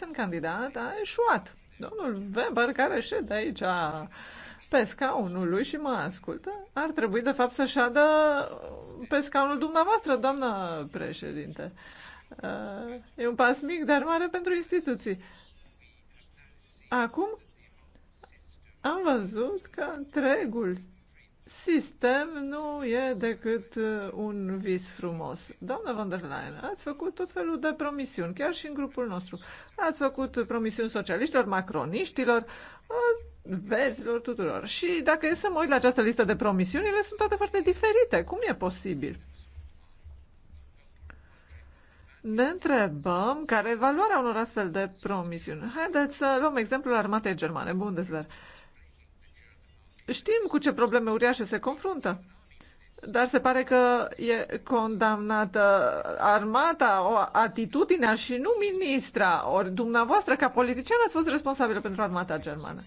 Sunt candidat a eșuat. Domnul Weber, care șede aici pe scaunul lui și mă ascultă, ar trebui de fapt să șadă pe scaunul dumneavoastră, doamnă președinte. Uh, e un pas mic, dar mare pentru instituții. Acum am văzut că întregul sistem nu e decât uh, un vis frumos. Doamna von der Leyen, ați făcut tot felul de promisiuni, chiar și în grupul nostru. Ați făcut promisiuni socialiștilor, macroniștilor, uh, verzilor tuturor. Și dacă e să mă uit la această listă de promisiuni, ele sunt toate foarte diferite. Cum e posibil? Ne întrebăm care e valoarea unor astfel de promisiuni. Haideți să luăm exemplul armatei germane, Bundeswehr. Uh, Știm cu ce probleme uriașe se confruntă. Dar se pare că e condamnată armata, o atitudinea și nu ministra. Ori dumneavoastră, ca politician, ați fost responsabilă pentru armata germană.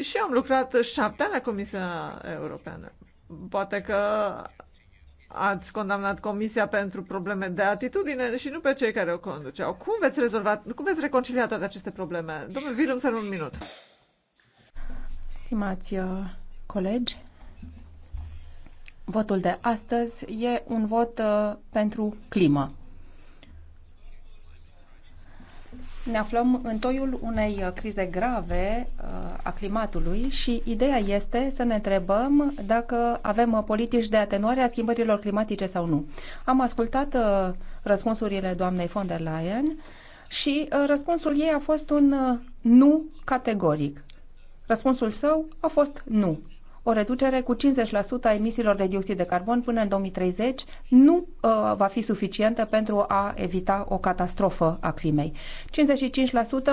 Și am lucrat șapte ani la Comisia Europeană. Poate că ați condamnat Comisia pentru probleme de atitudine și nu pe cei care o conduceau. Cum veți rezolva, cum veți reconcilia toate aceste probleme? Domnul Vilum, să un minut. Stimați uh, colegi, votul de astăzi e un vot uh, pentru climă. Ne aflăm în toiul unei uh, crize grave a climatului și ideea este să ne întrebăm dacă avem politici de atenuare a schimbărilor climatice sau nu. Am ascultat răspunsurile doamnei von der Leyen și răspunsul ei a fost un nu categoric. Răspunsul său a fost nu. O reducere cu 50% a emisiilor de dioxid de carbon până în 2030 nu uh, va fi suficientă pentru a evita o catastrofă a climei.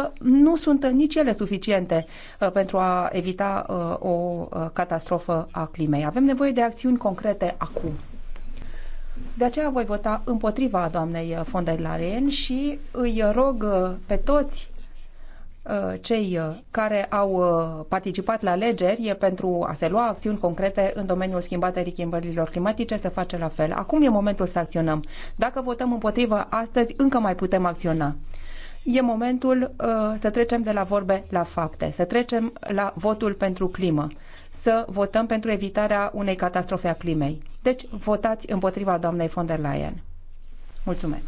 55% nu sunt nici ele suficiente uh, pentru a evita uh, o uh, catastrofă a climei. Avem nevoie de acțiuni concrete acum. De aceea voi vota împotriva doamnei uh, von der Leyen și îi rog uh, pe toți Uh, cei uh, care au uh, participat la alegeri pentru a se lua acțiuni concrete în domeniul schimbării schimbărilor climatice să face la fel. Acum e momentul să acționăm. Dacă votăm împotrivă astăzi, încă mai putem acționa. E momentul uh, să trecem de la vorbe la fapte, să trecem la votul pentru climă, să votăm pentru evitarea unei catastrofe a climei. Deci votați împotriva doamnei von der Leyen. Mulțumesc!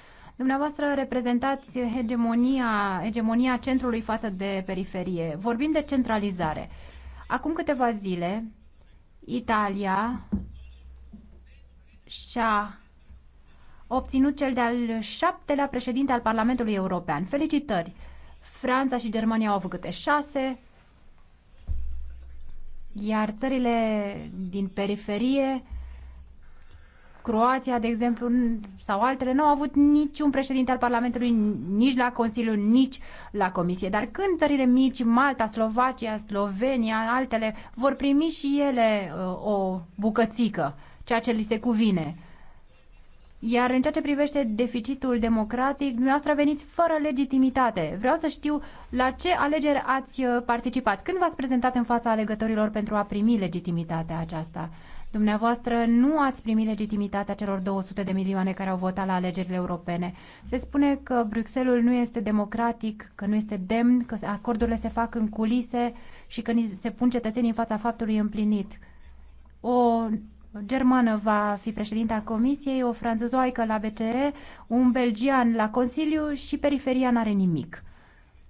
Dumneavoastră reprezentați hegemonia, hegemonia centrului față de periferie. Vorbim de centralizare. Acum câteva zile, Italia și-a obținut cel de-al șaptelea președinte al Parlamentului European. Felicitări! Franța și Germania au avut câte șase, iar țările din periferie Croația, de exemplu, sau altele, nu au avut niciun președinte al Parlamentului nici la Consiliu, nici la Comisie. Dar când țările mici, Malta, Slovacia, Slovenia, altele, vor primi și ele uh, o bucățică, ceea ce li se cuvine. Iar în ceea ce privește deficitul democratic, dumneavoastră veniți fără legitimitate. Vreau să știu la ce alegeri ați uh, participat, când v-ați prezentat în fața alegătorilor pentru a primi legitimitatea aceasta. Dumneavoastră nu ați primit legitimitatea celor 200 de milioane care au votat la alegerile europene. Se spune că Bruxelles nu este democratic, că nu este demn, că acordurile se fac în culise și că se pun cetățenii în fața faptului împlinit. O germană va fi președinta comisiei, o franțuzoaică la BCE, un belgian la Consiliu și periferia n-are nimic.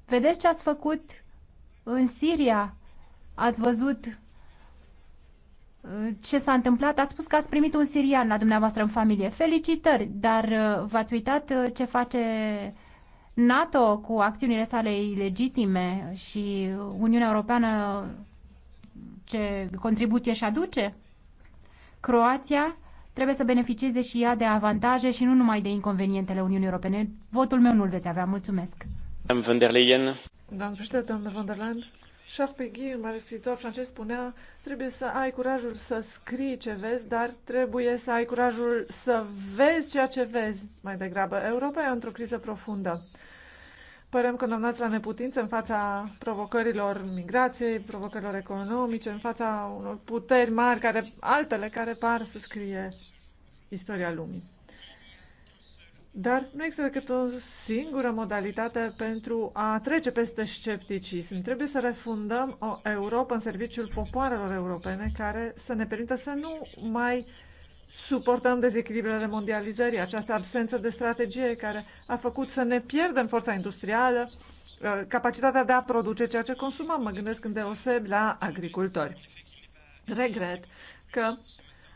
Vedeți ce ați făcut în Siria? Ați văzut ce s-a întâmplat. Ați spus că ați primit un sirian la dumneavoastră în familie. Felicitări, dar uh, v-ați uitat uh, ce face NATO cu acțiunile sale ilegitime și Uniunea Europeană ce contribuție și aduce? Croația trebuie să beneficieze și ea de avantaje și nu numai de inconvenientele Uniunii Europene. Votul meu nu-l veți avea. Mulțumesc. Da, președinte, doamnă von der Leyen, Charles Peggy, un mare scriitor francez, spunea trebuie să ai curajul să scrii ce vezi, dar trebuie să ai curajul să vezi ceea ce vezi mai degrabă. Europa e într-o criză profundă. Părem condamnați la neputință în fața provocărilor migrației, provocărilor economice, în fața unor puteri mari, care, altele care par să scrie istoria lumii. Dar nu există decât o singură modalitate pentru a trece peste scepticism. Trebuie să refundăm o Europa în serviciul popoarelor europene care să ne permită să nu mai suportăm dezechilibrele mondializării, această absență de strategie care a făcut să ne pierdem forța industrială, uh, capacitatea de a produce ceea ce consumăm. Mă gândesc îndeoseb la agricultori. Regret că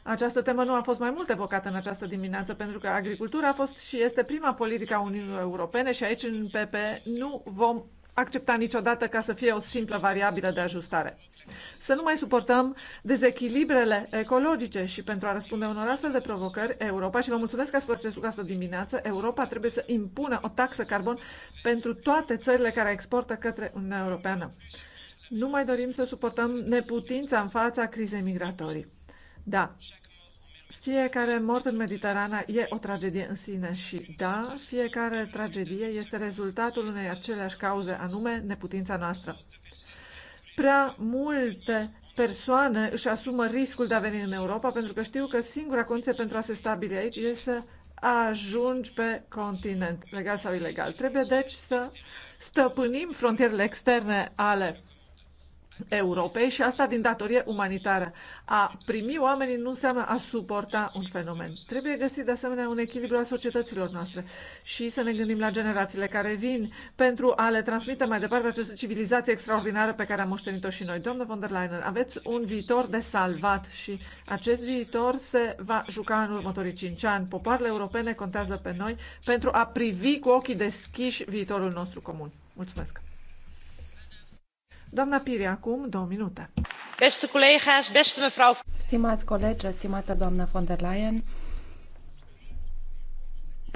această temă nu a fost mai mult evocată în această dimineață, pentru că agricultura a fost și este prima politică a Uniunii Europene și aici în PP nu vom accepta niciodată ca să fie o simplă variabilă de ajustare. Să nu mai suportăm dezechilibrele ecologice și pentru a răspunde unor astfel de provocări, Europa, și vă mulțumesc că ați fost acest lucru dimineață, Europa trebuie să impună o taxă carbon pentru toate țările care exportă către Uniunea Europeană. Nu mai dorim să suportăm neputința în fața crizei migratorii. Da, fiecare mort în Mediterana e o tragedie în sine și, da, fiecare tragedie este rezultatul unei aceleași cauze, anume neputința noastră. Prea multe persoane își asumă riscul de a veni în Europa pentru că știu că singura condiție pentru a se stabili aici este să ajungi pe continent, legal sau ilegal. Trebuie deci să stăpânim frontierele externe ale Europei și asta din datorie umanitară. A primi oamenii nu înseamnă a suporta un fenomen. Trebuie găsit de asemenea un echilibru a societăților noastre și să ne gândim la generațiile care vin pentru a le transmite mai departe această civilizație extraordinară pe care am moștenit-o și noi. domnul von der Leyen, aveți un viitor de salvat și acest viitor se va juca în următorii cinci ani. Popoarele europene contează pe noi pentru a privi cu ochii deschiși viitorul nostru comun. Mulțumesc! Doamna Piri, acum două minute. Stimați colegi, stimată doamnă von der Leyen,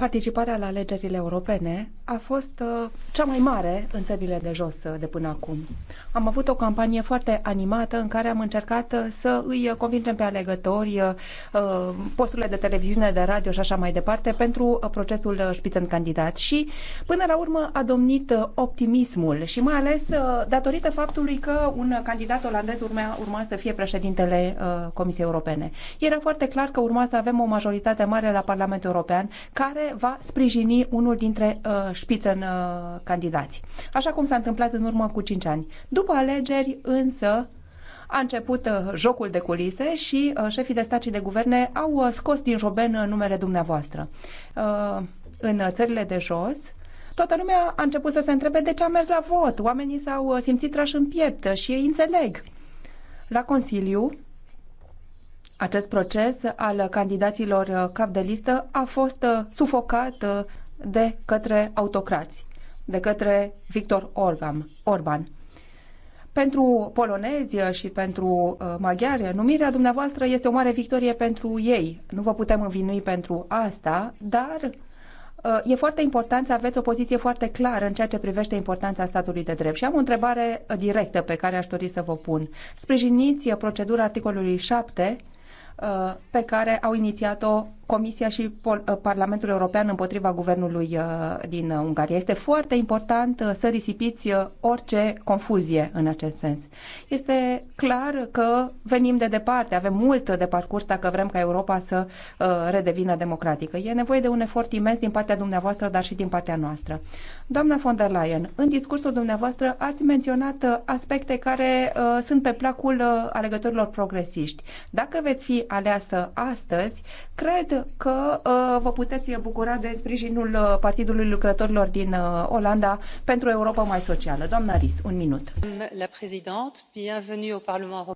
participarea la alegerile europene a fost uh, cea mai mare în țările de jos uh, de până acum. Am avut o campanie foarte animată în care am încercat uh, să îi convingem pe alegători, posturile de televiziune, de radio și așa mai departe pentru procesul șpițen candidat și până la urmă a domnit optimismul și mai ales datorită faptului că un candidat olandez urma, urma să fie președintele Comisiei Europene. Era foarte clar că urma să avem o majoritate mare la Parlamentul European care va sprijini unul dintre uh, șpițăn uh, candidați, așa cum s-a întâmplat în urmă cu 5 ani. După alegeri, însă, a început uh, jocul de culise și uh, șefii de stat și de guverne au uh, scos din joben uh, numele dumneavoastră. Uh, în țările de jos, toată lumea a început să se întrebe de ce a mers la vot. Oamenii s-au uh, simțit trași în piept și ei înțeleg. La Consiliu, acest proces al candidaților uh, cap de listă a fost uh, sufocat uh, de către autocrați, de către Victor Orban. Pentru polonezi și pentru maghiari, numirea dumneavoastră este o mare victorie pentru ei. Nu vă putem învinui pentru asta, dar E foarte important să aveți o poziție foarte clară în ceea ce privește importanța statului de drept. Și am o întrebare directă pe care aș dori să vă pun. Sprijiniți procedura articolului 7 Uh, pe care au inițiat-o Comisia și uh, Parlamentul European împotriva guvernului uh, din uh, Ungaria. Este foarte important să risipiți orice confuzie în acest sens. Este clar că venim de departe, avem mult de parcurs dacă vrem ca Europa să redevină democratică. E nevoie de un efort imens din partea dumneavoastră, dar și din partea noastră. Doamna von der Leyen, în discursul dumneavoastră ați menționat aspecte care sunt pe placul alegătorilor progresiști. Dacă veți fi aleasă astăzi, cred că uh, vă puteți bucura de sprijinul uh, Partidului Lucrătorilor din uh, Olanda pentru o Europa mai socială. Doamna Ris, un minut.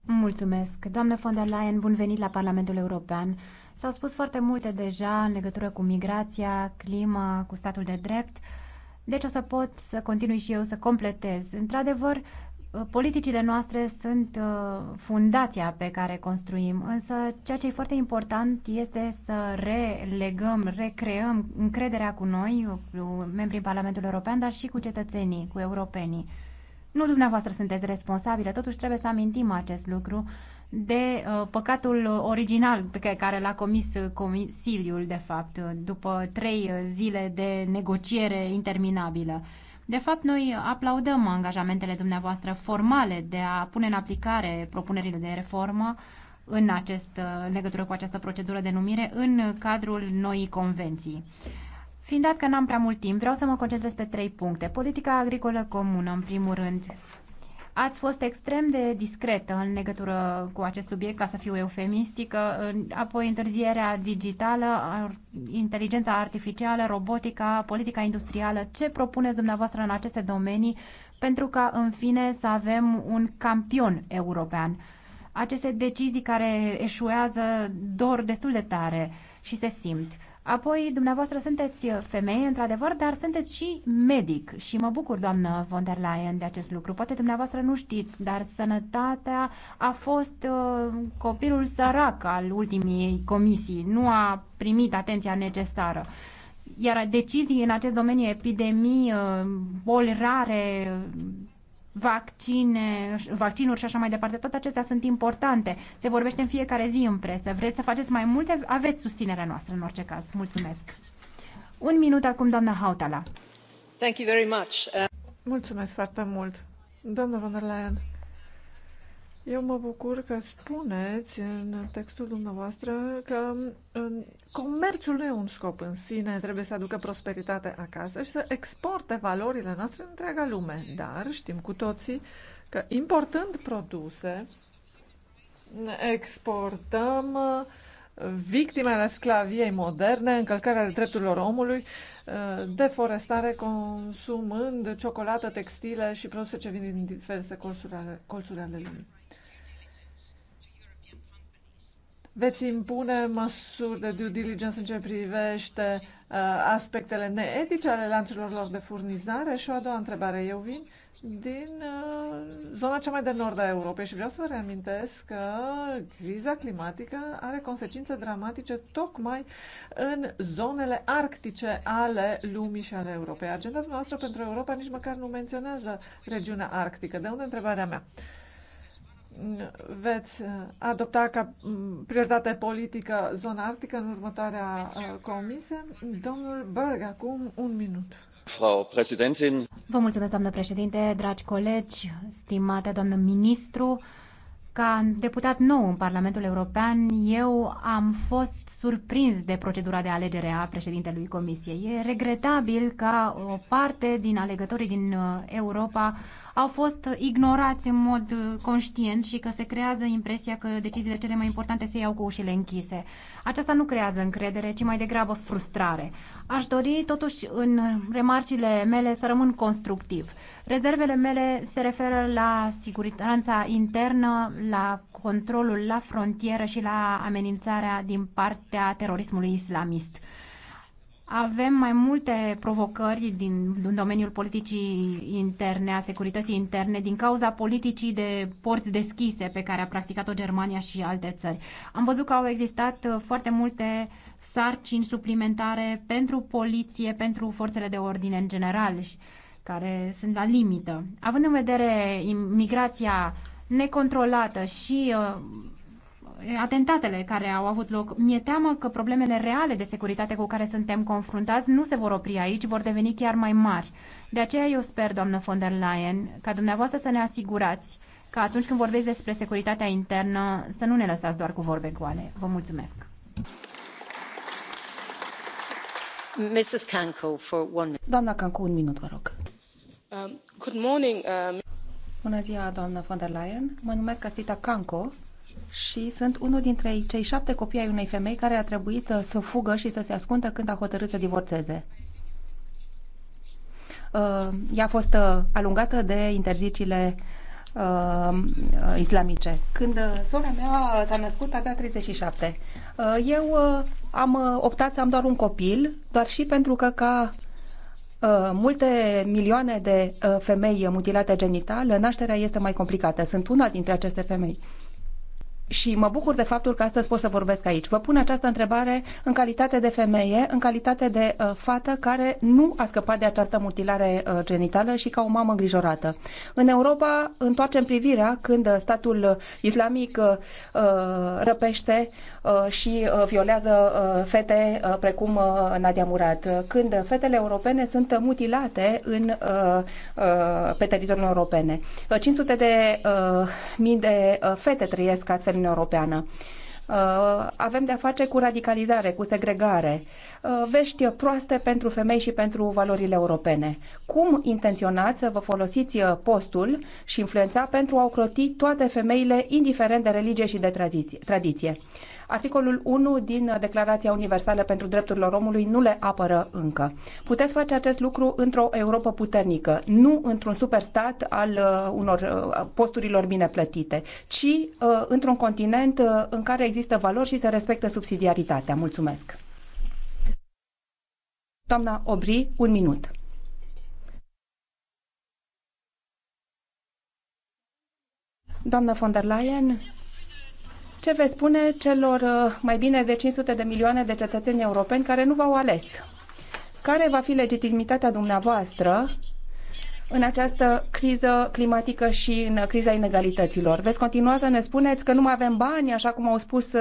Mulțumesc. Doamna von der Leyen, bun venit la Parlamentul European. S-au spus foarte multe deja în legătură cu migrația, clima, cu statul de drept. Deci o să pot să continui și eu să completez. Într-adevăr, uh, Politicile noastre sunt uh, fundația pe care construim, însă ceea ce e foarte important este să relegăm, recreăm încrederea cu noi, cu membrii Parlamentului European, dar și cu cetățenii, cu europenii. Nu dumneavoastră sunteți responsabile, totuși trebuie să amintim acest lucru de uh, păcatul original pe care l-a comis uh, Consiliul, de fapt, după trei zile de negociere interminabilă. De fapt, noi aplaudăm angajamentele dumneavoastră formale de a pune în aplicare propunerile de reformă în, acest, în legătură cu această procedură de numire în cadrul noii convenții. Fiind dat că n-am prea mult timp, vreau să mă concentrez pe trei puncte. Politica agricolă comună, în primul rând. Ați fost extrem de discretă în legătură cu acest subiect, ca să fiu eufemistică, apoi întârzierea digitală, inteligența artificială, robotica, politica industrială. Ce propuneți dumneavoastră în aceste domenii pentru ca, în fine, să avem un campion european? Aceste decizii care eșuează dor destul de tare și se simt. Apoi, dumneavoastră sunteți uh, femeie, într-adevăr, dar sunteți și medic și mă bucur, doamnă von der Leyen, de acest lucru. Poate dumneavoastră nu știți, dar sănătatea a fost uh, copilul sărac al ultimii comisii, nu a primit atenția necesară. Iar decizii în acest domeniu, epidemii, uh, boli rare, vaccine, vaccinuri și așa mai departe, toate acestea sunt importante. Se vorbește în fiecare zi în presă. Vreți să faceți mai multe? Aveți susținerea noastră în orice caz. Mulțumesc. Un minut acum, doamna Hautala. Thank you very much. Mulțumesc foarte mult. Doamna von der Leyen, eu mă bucur că spuneți în textul dumneavoastră că um, comerțul nu e un scop în sine, trebuie să aducă prosperitate acasă și să exporte valorile noastre în întreaga lume. Dar știm cu toții că importând produse, exportăm uh, victimele sclaviei moderne, încălcarea drepturilor omului, uh, deforestare, consumând ciocolată, textile și produse ce vin din diverse colțuri ale, colțuri ale lumii. veți impune măsuri de due diligence în ce privește uh, aspectele neetice ale lanțurilor lor de furnizare? Și o a doua întrebare. Eu vin din uh, zona cea mai de nord a Europei și vreau să vă reamintesc că criza climatică are consecințe dramatice tocmai în zonele arctice ale lumii și ale Europei. Agenda noastră pentru Europa nici măcar nu menționează regiunea arctică. De unde întrebarea mea? Uh, veți uh, adopta ca mm, prioritate politică zona arctică în următoarea uh, comisie. Domnul Berg, acum un minut. Vă mulțumesc, doamnă președinte, dragi colegi, stimate doamnă ministru. Ca deputat nou în Parlamentul European, eu am fost surprins de procedura de alegere a președintelui Comisiei. E regretabil că o parte din alegătorii din uh, Europa au fost ignorați în mod uh, conștient și că se creează impresia că deciziile cele mai importante se iau cu ușile închise. Aceasta nu creează încredere, ci mai degrabă frustrare. Aș dori totuși în remarcile mele să rămân constructiv. Rezervele mele se referă la siguranța internă, la controlul la frontieră și la amenințarea din partea terorismului islamist. Avem mai multe provocări din, din domeniul politicii interne, a securității interne, din cauza politicii de porți deschise pe care a practicat-o Germania și alte țări. Am văzut că au existat uh, foarte multe sarcini suplimentare pentru poliție, pentru forțele de ordine în general, care sunt la limită. Având în vedere migrația necontrolată și uh, atentatele care au avut loc. Mi-e teamă că problemele reale de securitate cu care suntem confruntați nu se vor opri aici, vor deveni chiar mai mari. De aceea eu sper, doamnă von der Leyen, ca dumneavoastră să ne asigurați că atunci când vorbeți despre securitatea internă să nu ne lăsați doar cu vorbe goale. Vă mulțumesc. Mrs. Kanko, for one minute. Doamna Kanko, un minut, vă rog. Um, good morning, um... Bună ziua, doamnă von der Leyen. Mă numesc Astita Kanko și sunt unul dintre cei șapte copii ai unei femei care a trebuit uh, să fugă și să se ascundă când a hotărât să divorțeze. Uh, ea a fost uh, alungată de interzicile islamice. Când sora mea s-a născut, avea 37. eu am optat să am doar un copil, doar și pentru că ca multe milioane de femei mutilate genital, nașterea este mai complicată. Sunt una dintre aceste femei și mă bucur de faptul că astăzi pot să vorbesc aici. Vă pun această întrebare în calitate de femeie, în calitate de uh, fată care nu a scăpat de această mutilare uh, genitală și ca o mamă îngrijorată. În Europa întoarcem privirea când uh, statul uh, islamic uh, uh, răpește uh, și uh, violează uh, fete uh, precum uh, Nadia Murat, când fetele europene sunt mutilate în, uh, uh, pe teritoriul europene. 500 de uh, mii de uh, fete trăiesc astfel Uniunea Europeană. Uh, avem de-a face cu radicalizare, cu segregare, uh, vești proaste pentru femei și pentru valorile europene. Cum intenționați să vă folosiți uh, postul și influența pentru a ocroti toate femeile, indiferent de religie și de tradiție? articolul 1 din Declarația Universală pentru Drepturile Omului nu le apără încă. Puteți face acest lucru într-o Europa puternică, nu într-un superstat al uh, unor uh, posturilor bine plătite, ci uh, într-un continent în care există valori și se respectă subsidiaritatea. Mulțumesc! Doamna Obri, un minut. Doamna von der Leyen, ce veți spune celor uh, mai bine de 500 de milioane de cetățeni europeni care nu v-au ales? Care va fi legitimitatea dumneavoastră în această criză climatică și în criza inegalităților. Veți continua să ne spuneți că nu mai avem bani, așa cum au spus uh,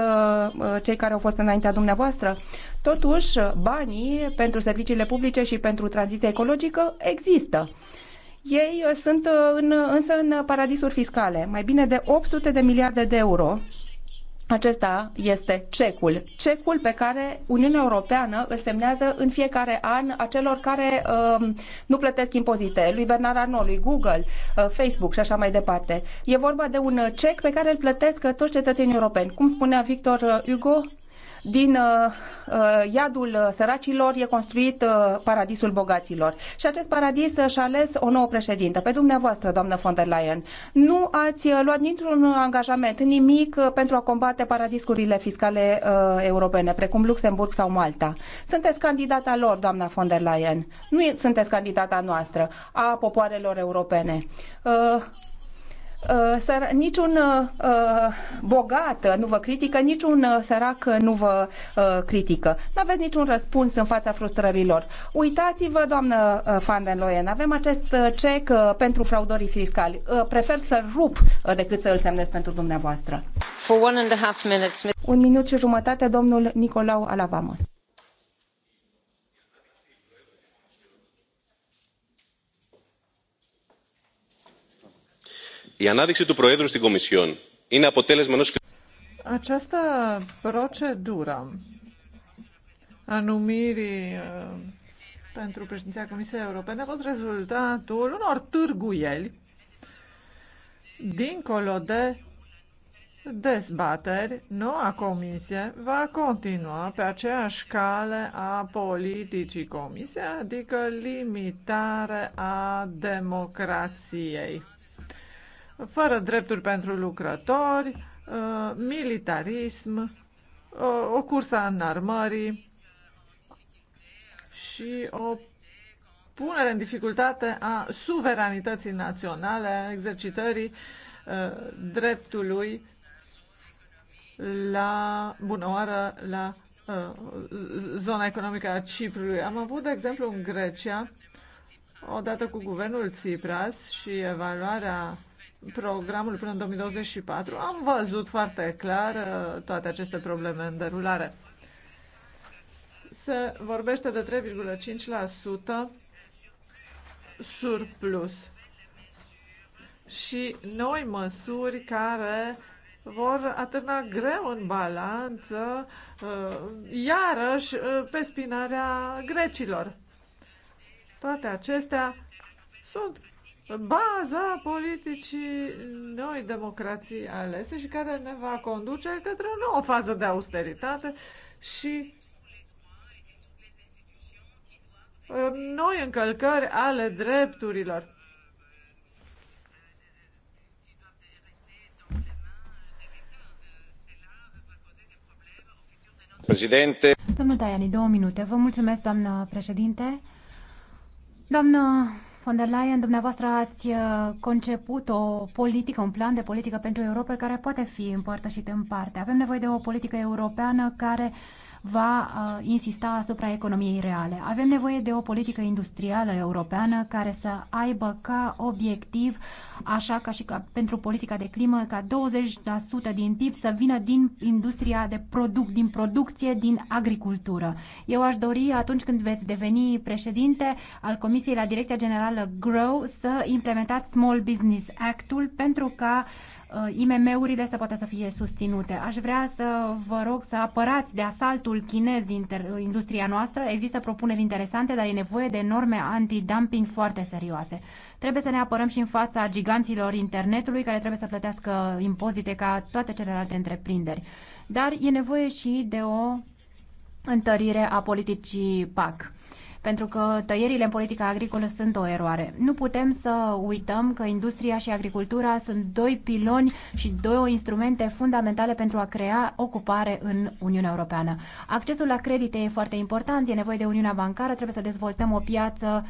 uh, cei care au fost înaintea dumneavoastră? Totuși, banii pentru serviciile publice și pentru tranziția ecologică există. Ei sunt în, însă în paradisuri fiscale, mai bine de 800 de miliarde de euro acesta este cecul. Cecul pe care Uniunea Europeană îl semnează în fiecare an acelor care uh, nu plătesc impozite, lui Bernard Arnault, lui Google, uh, Facebook și așa mai departe. E vorba de un cec pe care îl plătesc toți cetățenii europeni. Cum spunea Victor uh, Hugo, din uh, uh, iadul uh, săracilor e construit paradisul bogaților. Și acest paradis și-a ales o nouă președintă, pe dumneavoastră, doamnă von der Leyen. Nu ați luat niciun angajament, nimic pentru a combate paradiscurile fiscale europene, precum Luxemburg sau Malta. Sunteți candidata lor, doamna von der Leyen. Nu sunteți candidata noastră, a popoarelor europene. Uh, niciun uh, uh, bogat nu vă critică, niciun uh, sărac nu vă uh, critică. Nu aveți niciun răspuns în fața frustrărilor. Uitați-vă, doamnă Van den Leyen, avem acest cec uh, pentru fraudorii fiscali. Uh, prefer să-l rup uh, decât să îl semnez pentru dumneavoastră. For one and a half minutes, Un minut și jumătate, domnul Nicolau Alavamos. Această procedură a numirii ă, pentru președinția Comisiei Europene a fost rezultatul unor târguieli dincolo de dezbateri, noua comisie va continua pe aceeași cale a politicii comisie, adică limitare a democrației fără drepturi pentru lucrători, uh, militarism, uh, o cursă în armării și o punere în dificultate a suveranității naționale, a exercitării uh, dreptului la bunăoară la zona economică a Ciprului. Am avut, de exemplu, în Grecia, odată cu guvernul Tsipras și evaluarea programul până în 2024, am văzut foarte clar uh, toate aceste probleme în derulare. Se vorbește de 3,5% surplus și noi măsuri care vor atârna greu în balanță, uh, iarăși uh, pe spinarea grecilor. Toate acestea sunt baza politicii noi democrații alese și care ne va conduce către o nouă fază de austeritate și uh, noi încălcări ale drepturilor. Președinte. Domnul Tajani, două minute. Vă mulțumesc, doamnă președinte. Doamnă von der Leyen, dumneavoastră ați uh, conceput o politică, un plan de politică pentru Europa care poate fi împărtășit în parte. Avem nevoie de o politică europeană care uh, va uh, insista asupra economiei reale. Avem nevoie de o politică industrială europeană care să aibă ca obiectiv, așa ca și ca pentru politica de climă, ca 20% din PIB să vină din industria de produc, din producție, din agricultură. Eu aș dori, atunci când veți deveni președinte al Comisiei la Direcția Generală GROW, să implementați Small Business Act-ul pentru ca uh, Uh, IMM-urile să poată să fie susținute. Aș vrea să vă rog să apărați de asaltul chinez din uh, industria noastră. Există propuneri interesante, dar e nevoie de norme anti-dumping foarte serioase. Trebuie să ne apărăm și în fața giganților internetului care trebuie să plătească impozite ca toate celelalte întreprinderi. Dar e nevoie și de o întărire a politicii PAC pentru că tăierile în politica agricolă sunt o eroare. Nu putem să uităm că industria și agricultura sunt doi piloni și două instrumente fundamentale pentru a crea ocupare în Uniunea Europeană. Accesul la credite e foarte important, e nevoie de Uniunea Bancară, trebuie să dezvoltăm o piață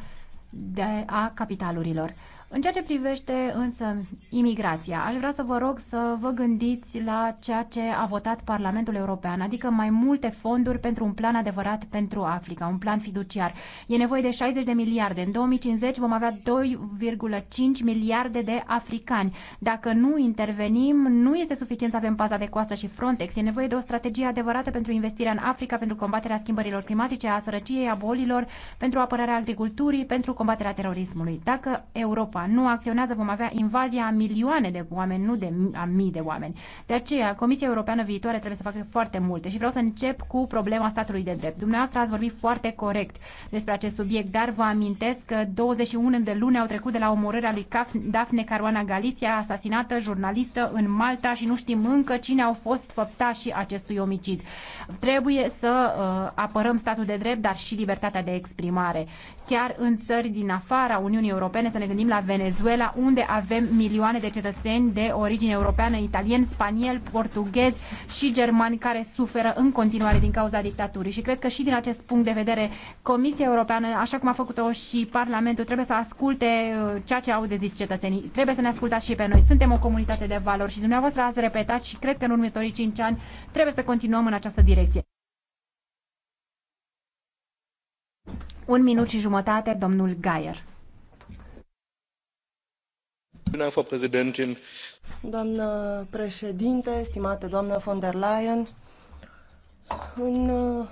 de a capitalurilor. În ceea ce privește însă imigrația, aș vrea să vă rog să vă gândiți la ceea ce a votat Parlamentul European, adică mai multe fonduri pentru un plan adevărat pentru Africa, un plan fiduciar. E nevoie de 60 de miliarde. În 2050 vom avea 2,5 miliarde de africani. Dacă nu intervenim, nu este suficient să avem paza de coastă și Frontex. E nevoie de o strategie adevărată pentru investirea în Africa, pentru combaterea schimbărilor climatice, a sărăciei, a bolilor, pentru apărarea agriculturii, pentru combaterea terorismului. Dacă Europa nu acționează, vom avea invazia a milioane de oameni, nu de a mii de oameni. De aceea, Comisia Europeană viitoare trebuie să facă foarte multe și vreau să încep cu problema statului de drept. Dumneavoastră ați vorbit foarte corect despre acest subiect, dar vă amintesc că 21 de luni au trecut de la omorârea lui Daphne Caruana Galiția, asasinată jurnalistă în Malta și nu știm încă cine au fost făptașii acestui omicid. Trebuie să uh, apărăm statul de drept, dar și libertatea de exprimare chiar în țări din afara Uniunii Europene, să ne gândim la Venezuela, unde avem milioane de cetățeni de origine europeană, italien, spaniel, portughez și germani care suferă în continuare din cauza dictaturii. Și cred că și din acest punct de vedere, Comisia Europeană, așa cum a făcut-o și Parlamentul, trebuie să asculte uh, ceea ce au de zis cetățenii. Trebuie să ne ascultați și pe noi. Suntem o comunitate de valori și dumneavoastră ați repetat și cred că în următorii 5 ani trebuie să continuăm în această direcție. Un minut și jumătate, domnul Gaier. Doamnă președinte, stimate doamnă von der Leyen, în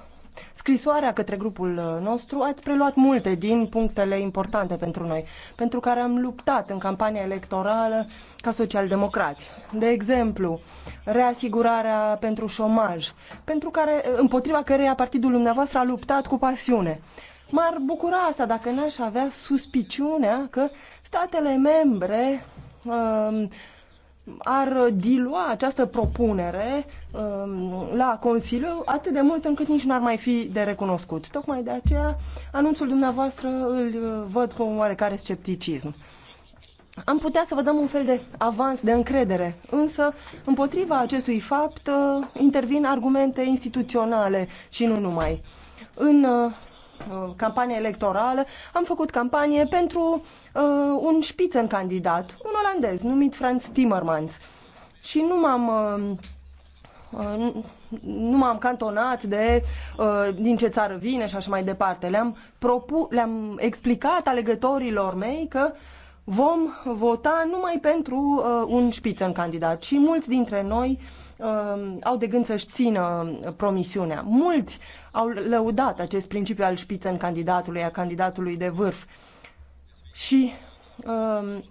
scrisoarea către grupul uh, nostru, ați preluat multe din punctele importante pentru noi, pentru care am luptat în campania electorală ca socialdemocrați. De exemplu, reasigurarea pentru șomaj, pentru care, uh, împotriva căreia partidul dumneavoastră a luptat cu pasiune. M-ar bucura asta dacă n-aș avea suspiciunea că statele membre uh, ar dilua această propunere um, la Consiliu atât de mult încât nici nu ar mai fi de recunoscut. Tocmai de aceea anunțul dumneavoastră îl uh, văd cu un oarecare scepticism. Am putea să vă dăm un fel de avans de încredere, însă împotriva acestui fapt uh, intervin argumente instituționale și nu numai. În uh, campania electorală am făcut campanie pentru uh, un șpițen candidat, un olandez numit Franz Timmermans. Și nu m-am uh, uh nu m-am cantonat de uh, din ce țară vine și așa mai departe. Le-am, propu- le-am explicat alegătorilor mei că vom vota numai pentru uh, un șpițen candidat și mulți dintre noi uh, au de gând să-și țină promisiunea. Mulți au lăudat acest principiu al șpițen candidatului, a candidatului de vârf. Uh, și um,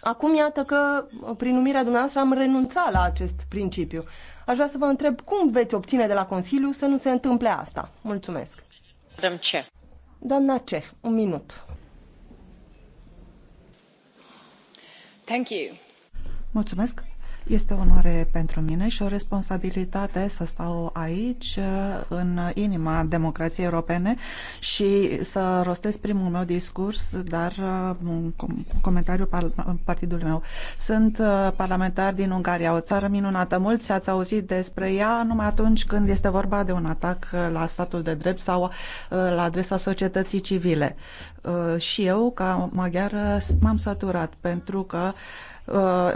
acum iată că uh, prin numirea dumneavoastră am renunțat la acest principiu. Aș vrea să vă întreb cum veți obține de la Consiliu să nu se întâmple asta. Mulțumesc. Madam ce? Doamna ce? Un minut. Thank you. Mulțumesc. Este o onoare pentru mine și o responsabilitate să stau aici, în inima democrației europene și să rostesc primul meu discurs, dar un uh, comentariu partidului meu. Sunt uh, parlamentar din Ungaria, o țară minunată. Mulți ați auzit despre ea numai atunci când este vorba de un atac la statul de drept sau uh, la adresa societății civile. Și eu, ca maghiară, m-am săturat pentru că Uh,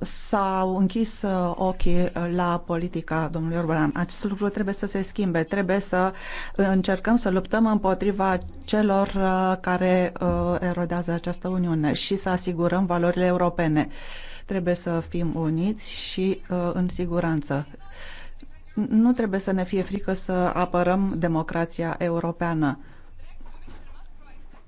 s-au închis uh, ochii la politica domnului Orban. Acest lucru trebuie să se schimbe, trebuie să încercăm să luptăm împotriva celor uh, care erodează această Uniune și să asigurăm valorile europene. Trebuie să fim uniți și în siguranță. Nu trebuie să ne fie frică să apărăm democrația europeană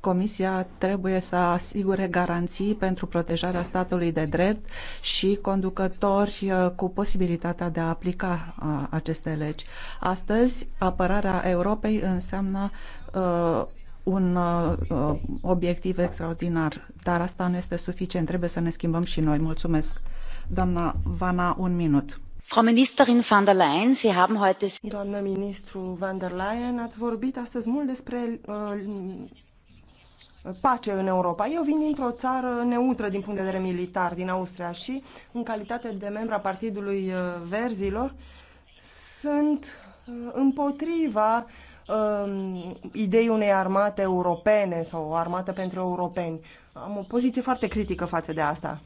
Comisia trebuie să asigure garanții pentru protejarea statului de drept și conducători uh, cu posibilitatea de a aplica uh, aceste legi. Astăzi, apărarea Europei înseamnă uh, un uh, uh, obiectiv extraordinar, dar asta nu este suficient. Trebuie să ne schimbăm și noi. Mulțumesc. Doamna Vana, un minut. Frau Ministerin van der Leyen, Sie haben heute... Doamnă ministru van der Leyen, ați vorbit astăzi mult despre uh, pace în Europa. Eu vin dintr-o țară neutră din punct de vedere militar, din Austria și în calitate de a Partidului uh, Verzilor sunt uh, împotriva um, ideii unei armate europene sau o armată pentru europeni. Am o poziție foarte critică față de asta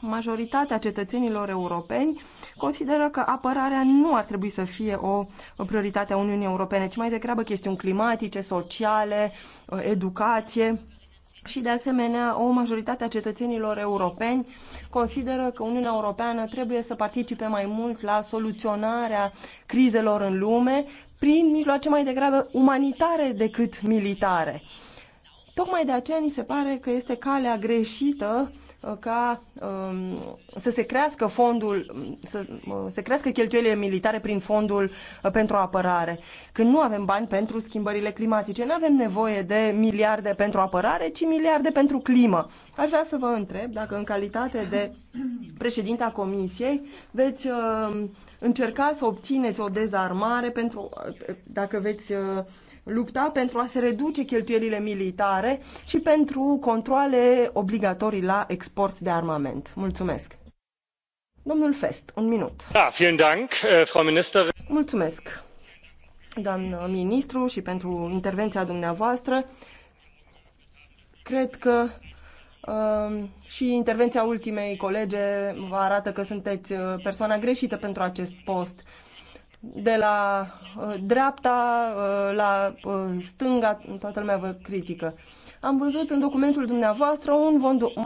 majoritatea cetățenilor europeni consideră că apărarea nu ar trebui să fie o prioritate a Uniunii Europene, ci mai degrabă chestiuni climatice, sociale, uh, educație. Și, de asemenea, o majoritate a cetățenilor europeni consideră că Uniunea Europeană trebuie să participe mai mult la soluționarea crizelor în lume prin mijloace mai degrabă umanitare decât militare. Tocmai de aceea ni se pare că este calea greșită ca um, să se crească fondul, să uh, se crească cheltuielile militare prin fondul uh, pentru apărare. Când nu avem bani pentru schimbările climatice, nu avem nevoie de miliarde pentru apărare, ci miliarde pentru climă. Aș vrea să vă întreb dacă în calitate de președinta Comisiei veți uh, încerca să obțineți o dezarmare pentru, uh, dacă veți uh, lupta pentru a se reduce cheltuielile militare și pentru controle obligatorii la export de armament. Mulțumesc! Domnul Fest, un minut. Da, vielen Dank, eh, Frau Minister. Mulțumesc, doamnă ministru, și pentru intervenția dumneavoastră. Cred că Uh, și intervenția ultimei colege vă arată că sunteți eh, persoana greșită pentru acest post de la uh, dreapta uh, la uh, stânga, toată lumea vă critică. Am văzut în documentul dumneavoastră un,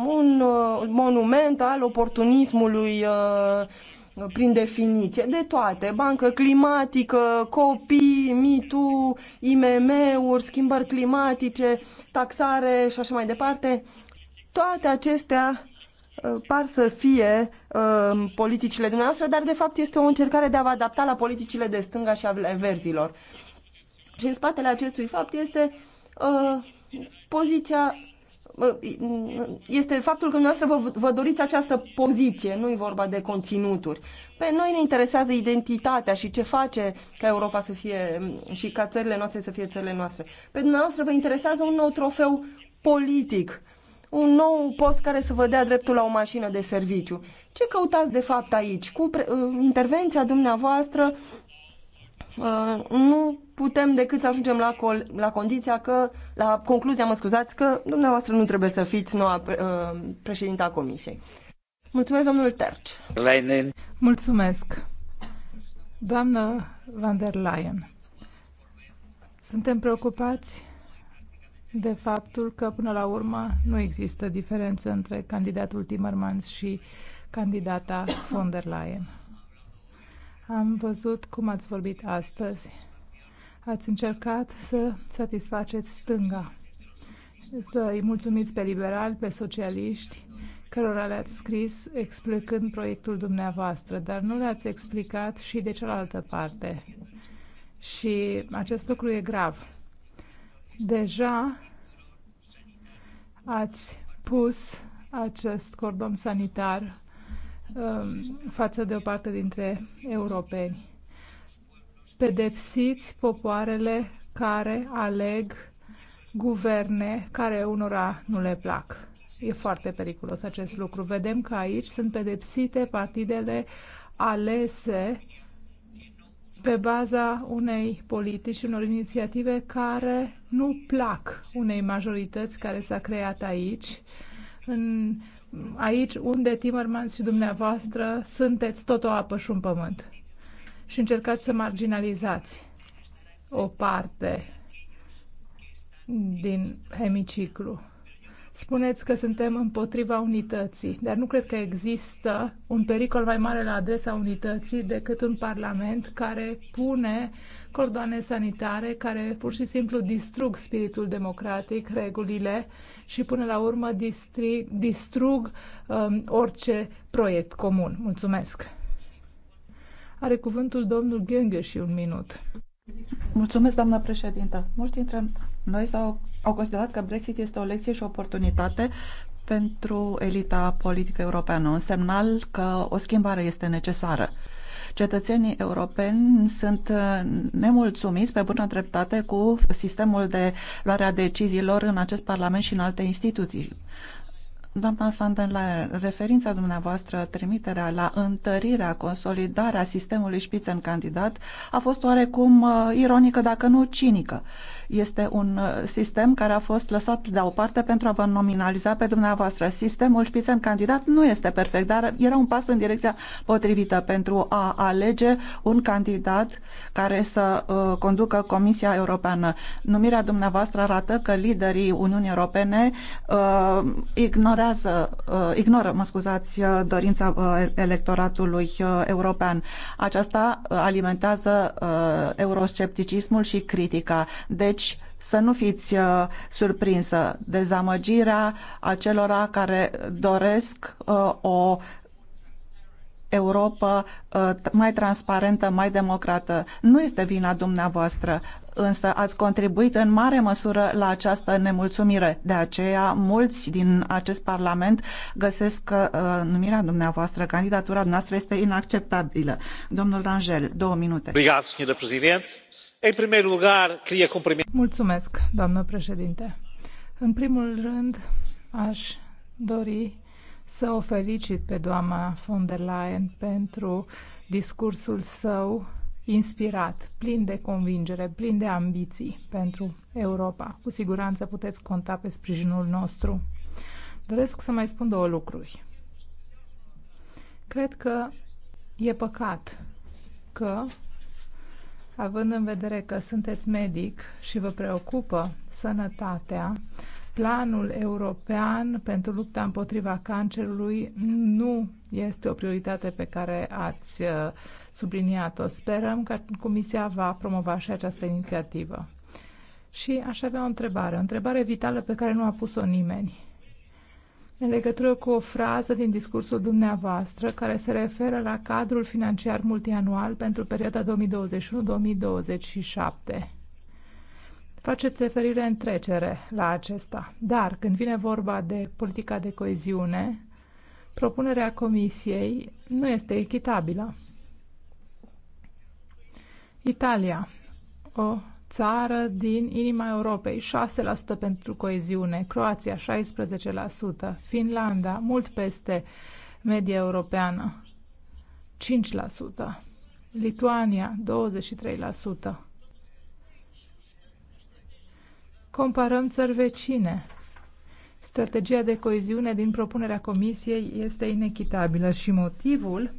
un uh, monument al oportunismului uh, prin definiție, de toate, bancă climatică, copii, mitu, IMM-uri, schimbări climatice, taxare și așa mai departe. Toate acestea Uh, par să fie uh, politicile dumneavoastră, dar de fapt este o încercare de a vă adapta la politicile de stânga și ale verzilor. Și în spatele acestui fapt este uh, poziția uh, este faptul că dumneavoastră vă, vă doriți această poziție, nu-i vorba de conținuturi. Pe noi ne interesează identitatea și ce face ca Europa să fie um, și ca țările noastre să fie țările noastre. Pe dumneavoastră vă interesează un nou trofeu politic un nou post care să vă dea dreptul la o mașină de serviciu. Ce căutați de fapt aici? Cu pre- uh, intervenția dumneavoastră uh, nu putem decât să ajungem la, col- la condiția că, la concluzia, mă scuzați, că dumneavoastră nu trebuie să fiți noua pre- uh, președinta comisiei. Mulțumesc, domnul Terci. Lenin. Mulțumesc. Doamnă van der Leyen, suntem preocupați de faptul că până la urmă nu există diferență între candidatul Timmermans și candidata von der Leyen. Am văzut cum ați vorbit astăzi. Ați încercat să satisfaceți stânga, să îi mulțumiți pe liberali, pe socialiști, cărora le-ați scris explicând proiectul dumneavoastră, dar nu le-ați explicat și de cealaltă parte. Și acest lucru e grav Deja ați pus acest cordon sanitar um, față de o parte dintre europeni. Pedepsiți popoarele care aleg guverne care unora nu le plac. E foarte periculos acest lucru. Vedem că aici sunt pedepsite partidele alese pe baza unei politici, unor inițiative care nu plac unei majorități care s-a creat aici, în, aici unde Timmermans și dumneavoastră sunteți tot o apă și un pământ și încercați să marginalizați o parte din hemiciclu. Spuneți că suntem împotriva unității, dar nu cred că există un pericol mai mare la adresa unității decât un parlament care pune cordoane sanitare care pur și simplu distrug spiritul democratic, regulile și până la urmă distrug um, orice proiect comun. Mulțumesc! Are cuvântul domnul Gheunghe și un minut. Mulțumesc, doamna președintă. Mulți dintre noi sau au considerat că Brexit este o lecție și o oportunitate pentru elita politică europeană, un semnal că o schimbare este necesară. Cetățenii europeni sunt uh, nemulțumiți pe bună dreptate cu sistemul de luare a deciziilor în acest Parlament și în alte instituții. Doamna van den Leyen, referința dumneavoastră, trimiterea la întărirea, consolidarea sistemului Spitzenkandidat candidat a fost oarecum uh, ironică, dacă nu cinică. Este un uh, sistem care a fost lăsat parte pentru a vă nominaliza pe dumneavoastră. Sistemul Spitzen candidat nu este perfect, dar era un pas în direcția potrivită pentru a alege un candidat care să uh, conducă Comisia Europeană. Numirea dumneavoastră arată că liderii Uniunii Europene uh, ignorează, uh, ignoră, mă scuzați, uh, dorința uh, electoratului uh, european. Aceasta uh, alimentează uh, euroscepticismul și critica. Deci, deci să nu fiți uh, surprinsă. Dezamăgirea acelora care doresc uh, o Europa uh, mai transparentă, mai democrată. Nu este vina dumneavoastră, însă ați contribuit în mare măsură la această nemulțumire. De aceea, mulți din acest Parlament găsesc că uh, numirea dumneavoastră, candidatura noastră este inacceptabilă. Domnul Rangel, două minute. Obrigado, Mulțumesc, doamnă președinte. În primul rând, aș dori să o felicit pe doamna von der Leyen pentru discursul său inspirat, plin de convingere, plin de ambiții pentru Europa. Cu siguranță puteți conta pe sprijinul nostru. Doresc să mai spun două lucruri. Cred că e păcat că având în vedere că sunteți medic și vă preocupă sănătatea, planul european pentru lupta împotriva cancerului nu este o prioritate pe care ați uh, subliniat-o. Sperăm că Comisia va promova și această inițiativă. Și aș avea o întrebare, o întrebare vitală pe care nu a pus-o nimeni în legătură cu o frază din discursul dumneavoastră care se referă la cadrul financiar multianual pentru perioada 2021-2027. Faceți referire în trecere la acesta, dar când vine vorba de politica de coeziune, propunerea Comisiei nu este echitabilă. Italia, o țară din inima Europei, 6% pentru coeziune, Croația 16%, Finlanda mult peste media europeană, 5%, Lituania 23%. Comparăm țări vecine. Strategia de coeziune din propunerea Comisiei este inechitabilă și motivul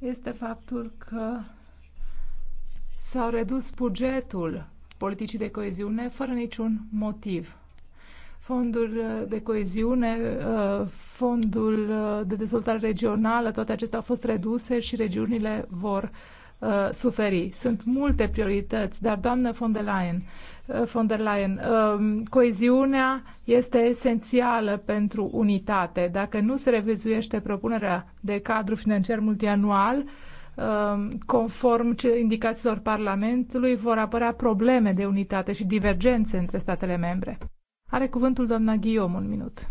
este faptul că S-au redus bugetul politicii de coeziune fără niciun motiv. Fondul uh, de coeziune, uh, fondul uh, de dezvoltare regională, toate acestea au fost reduse și regiunile vor suferi. Sunt multe priorități, dar doamnă von der Leyen, von der Leyen um, coeziunea este esențială pentru unitate. Dacă nu se revizuiește propunerea de cadru financiar multianual, Um, conform indicațiilor Parlamentului, vor apărea probleme de unitate și divergențe între statele membre. Are cuvântul doamna Guillaume, un minut.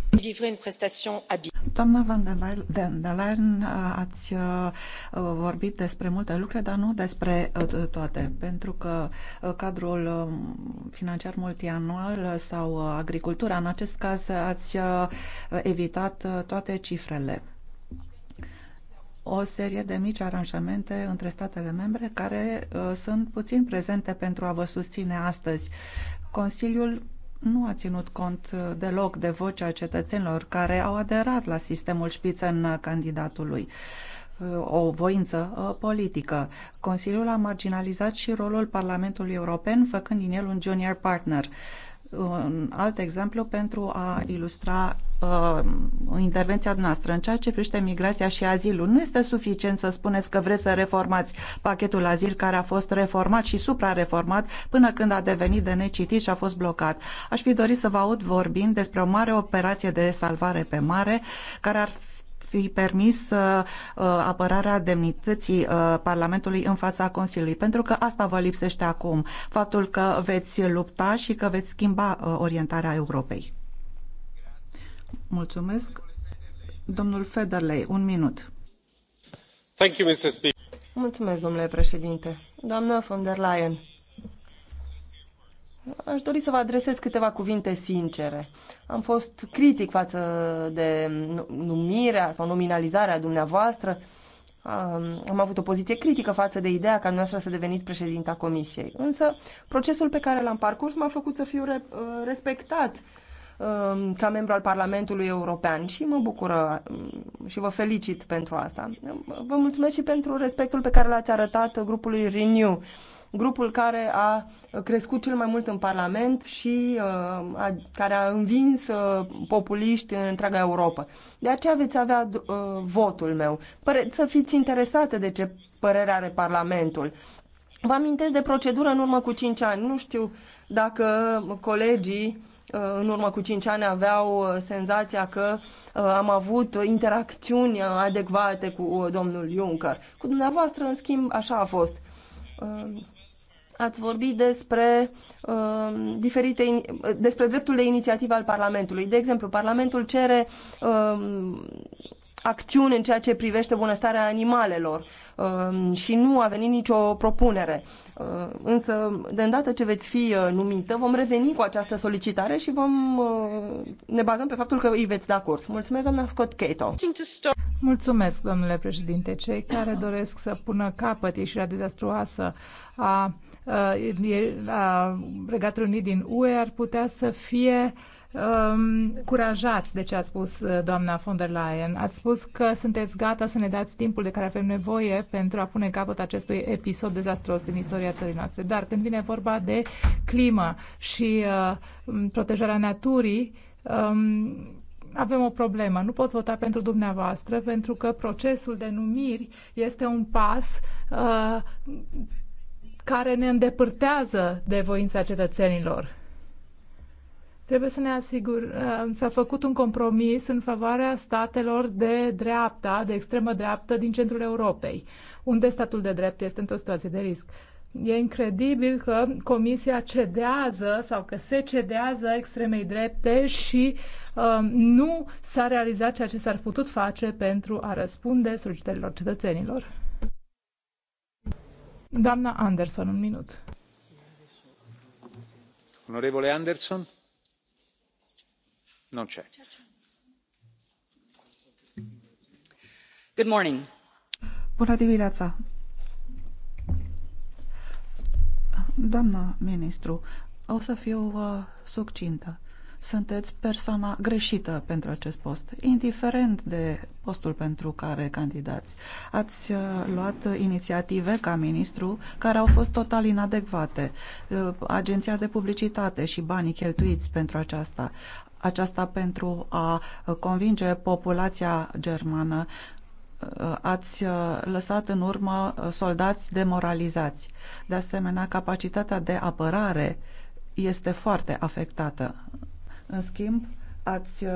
Doamna van der Leyen, ați uh, vorbit despre multe lucruri, dar nu despre uh, toate, pentru că uh, cadrul um, financiar multianual sau agricultura, în acest caz, ați evitat toate cifrele o serie de mici aranjamente între statele membre care uh, sunt puțin prezente pentru a vă susține astăzi. Consiliul nu a ținut cont uh, deloc de vocea cetățenilor care au aderat la sistemul în candidatului uh, o voință uh, politică. Consiliul a marginalizat și rolul Parlamentului European, făcând din el un junior partner. Un alt exemplu pentru a ilustra uh, intervenția noastră. În ceea ce privește migrația și azilul, nu este suficient să spuneți că vreți să reformați pachetul azil care a fost reformat și suprareformat până când a devenit de necitit și a fost blocat. Aș fi dorit să vă aud vorbind despre o mare operație de salvare pe mare care ar fi permis uh, uh apărarea demnității uh, Parlamentului în fața Consiliului, pentru că asta vă lipsește acum, faptul că veți lupta și că veți schimba uh, orientarea Europei. Mulțumesc. Domnul Federley, un minut. Thank you, Mr. Speaker. Mulțumesc, domnule președinte. Doamnă von der Leyen, Aș dori să vă adresez câteva cuvinte sincere. Am fost critic față de numirea sau nominalizarea dumneavoastră. Am avut o poziție critică față de ideea ca noastră să deveniți președinta comisiei. Însă, procesul pe care l-am parcurs m-a făcut să fiu uh, respectat Um, ca membru al Parlamentului European și mă bucură um, și vă felicit pentru asta. Vă mulțumesc și pentru respectul pe care l-ați arătat grupului Renew, grupul care a crescut cel mai mult în Parlament și uh, a, care a învins uh, populiști în întreaga Europa. De aceea veți avea uh, votul meu. să fiți interesate de ce părere are Parlamentul. Vă amintesc de procedură în urmă cu 5 ani. Nu știu dacă colegii Uh, în urmă cu 5 ani aveau uh, senzația că uh, am avut interacțiuni adecvate cu domnul Juncker. Cu dumneavoastră, în schimb, așa a fost. Ați vorbit despre uh, diferite despre dreptul de inițiativă al Parlamentului. De exemplu, Parlamentul cere uh, acțiuni în ceea ce privește bunăstarea animalelor um, și nu a venit nicio propunere. Uh, însă, de îndată ce veți fi uh, numită, vom reveni cu această solicitare și vom uh, ne bazăm pe faptul că îi veți da curs. Mulțumesc, doamna Scott Cato. Mulțumesc, domnule președinte. Cei care doresc să pună capăt ieșirea dezastruoasă a, a, a Regatului Unit din UE ar putea să fie um, curajați de ce a spus eh, doamna von der Leyen. Ați spus că sunteți gata să ne dați timpul de care avem nevoie pentru a pune capăt acestui episod dezastros din istoria țării noastre. Dar când vine vorba de climă și uh, protejarea naturii, um, avem o problemă. Nu pot vota pentru dumneavoastră pentru că procesul de numiri este un pas uh, care ne îndepărtează de voința cetățenilor Trebuie să ne asigurăm, uh, s-a făcut un compromis în favoarea statelor de dreapta, de extremă dreaptă din centrul Europei, unde statul de drept este într-o situație de risc. E incredibil că Comisia cedează sau că se cedează extremei drepte și uh, nu s-a realizat ceea ce s-ar putut face pentru a răspunde solicitărilor cetățenilor. Doamna Anderson, un minut. Onorevole Anderson bună dimineața doamnă ministru o să fiu uh, succintă sunteți persoana greșită pentru acest post, indiferent de postul pentru care candidați. Ați uh, luat inițiative ca ministru care au fost total inadecvate. Uh, Agenția de publicitate și banii cheltuiți pentru aceasta aceasta pentru a convinge populația germană. Ați uh, lăsat în urmă uh, soldați demoralizați. De asemenea, capacitatea de apărare este foarte afectată. În schimb, ați uh,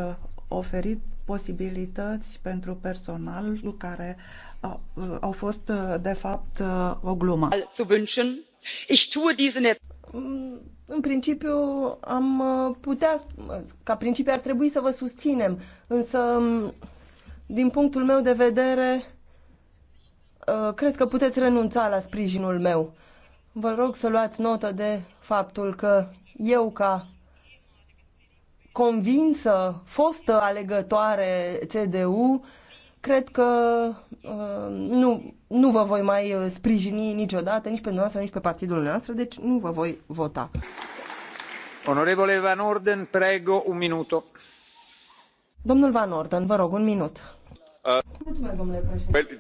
oferit posibilități pentru personalul care au, fost, de fapt, o glumă în principiu am uh, putea, ca principiu ar trebui să vă susținem, însă um, din punctul meu de vedere uh, cred că puteți renunța la sprijinul meu. Vă rog să luați notă de faptul că eu ca convinsă, fostă alegătoare CDU, Cred că uh, nu, nu vă voi mai uh, sprijini niciodată, nici pe noastră, nici pe partidul nostru, deci nu vă voi vota. Onorevole Van Orden, prego un minut. Domnul Van Orden, vă rog, un minut. Uh, Mulțumesc, domnule președinte.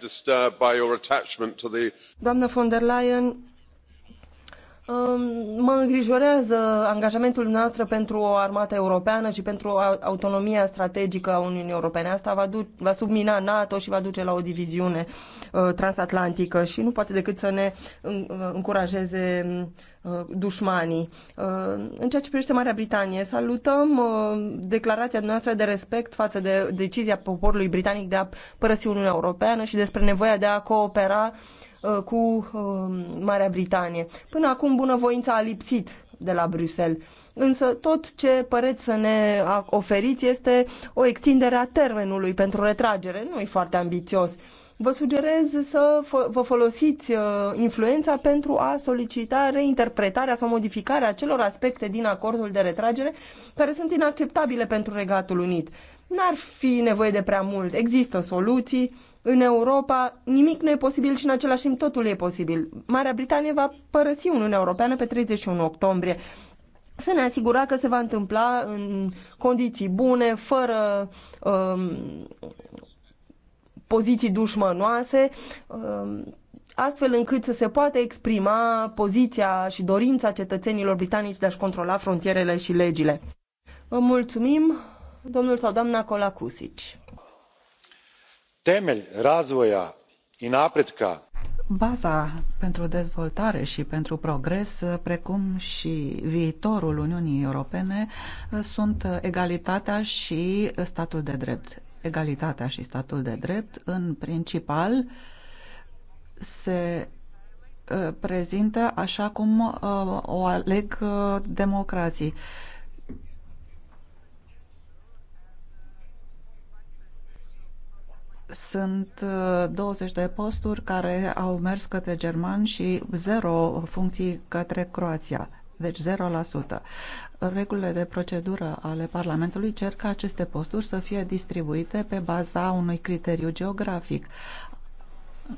The... Doamnă von der Leyen, Mă îngrijorează angajamentul noastră pentru o armată europeană și pentru autonomia strategică a Uniunii Europene. Asta va, du- va submina NATO și va duce la o diviziune uh, transatlantică și nu poate decât să ne uh, încurajeze uh, dușmanii. Uh, în ceea ce privește Marea Britanie, salutăm declarația noastră de respect față de decizia poporului britanic de a părăsi Uniunea Europeană și despre nevoia de a coopera uh, Uh, cu um, Marea Britanie. Până acum bunăvoința a lipsit de la Bruxelles. Însă tot ce păreți să ne oferiți este o extindere a termenului pentru retragere. Nu e foarte ambițios. Vă sugerez să vă folosiți uh, influența pentru a solicita reinterpretarea sau modificarea acelor aspecte din acordul de retragere care sunt inacceptabile pentru Regatul Unit. N-ar fi nevoie de prea mult. Există soluții în Europa nimic nu e posibil și în același timp totul e posibil. Marea Britanie va părăsi Uniunea Europeană pe 31 octombrie. Să ne asigura că se va întâmpla în condiții bune, fără um, poziții dușmănoase, um, astfel încât să se poată exprima poziția și dorința cetățenilor britanici de a-și controla frontierele și legile. Vă mulțumim, domnul sau doamna Colacusici temelj razvoja i napretka baza pentru dezvoltare și pentru progres, precum și viitorul Uniunii Europene, sunt egalitatea și statul de drept. Egalitatea și statul de drept, în principal, se eh, prezintă așa cum eh, o aleg eh, democrații. Sunt 20 uh, de posturi care au mers către germani și zero funcții către Croația deci 0%. Regulile de procedură ale Parlamentului cer ca aceste posturi să fie distribuite pe baza unui criteriu geografic.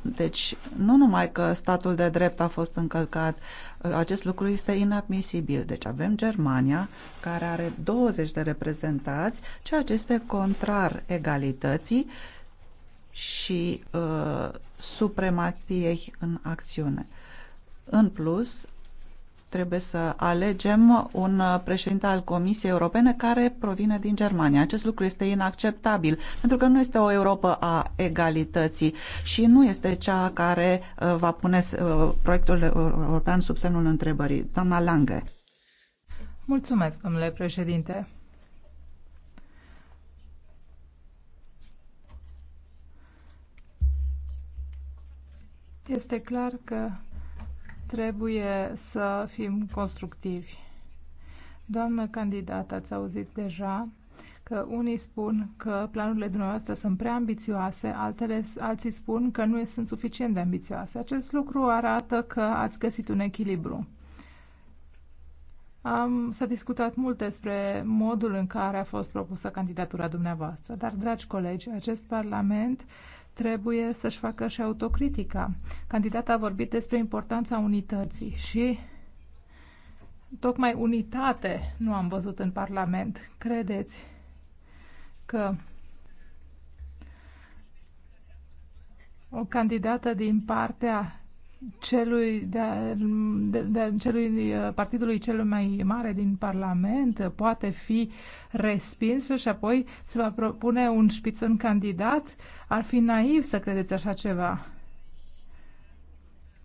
Deci, nu numai că statul de drept a fost încălcat, uh, acest lucru este inadmisibil. Deci avem Germania, care are 20 de reprezentați, ceea ce este contrar egalității și uh, supremației în acțiune. În plus, trebuie să alegem un uh, președinte al Comisiei Europene care provine din Germania. Acest lucru este inacceptabil, pentru că nu este o Europa a egalității și nu este cea care uh, va pune uh, proiectul european sub semnul întrebării. Doamna Lange. Mulțumesc, domnule președinte. Este clar că trebuie să fim constructivi. Doamnă candidată, ați auzit deja că unii spun că planurile dumneavoastră sunt prea ambițioase, altele, alții spun că nu sunt suficient de ambițioase. Acest lucru arată că ați găsit un echilibru. Am, s-a discutat mult despre modul în care a fost propusă candidatura dumneavoastră, dar, dragi colegi, acest Parlament trebuie să-și facă și autocritica. Candidata a vorbit despre importanța unității și tocmai unitate nu am văzut în Parlament. Credeți că o candidată din partea celui, de, de, de, celui uh, partidului cel mai mare din Parlament poate fi respins și apoi se va propune un în candidat, ar fi naiv să credeți așa ceva.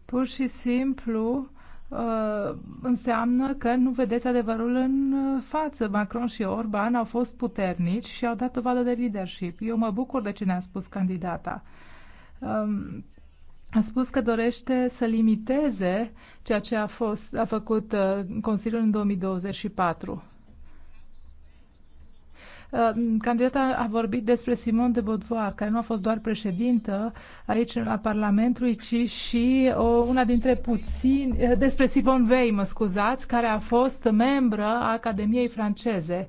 Pur și simplu uh, înseamnă că nu vedeți adevărul în uh, față. Macron și Orban au fost puternici și au dat dovadă de leadership. Eu mă bucur de ce ne-a spus candidata um, a spus că dorește să limiteze ceea ce a, fost, a făcut uh, Consiliul în 2024. Uh, candidata a vorbit despre Simon de Beauvoir, care nu a fost doar președintă aici la Parlamentului, ci și o, uh, una dintre puțini, despre Simon Vei, mă scuzați, care a fost membră a Academiei franceze.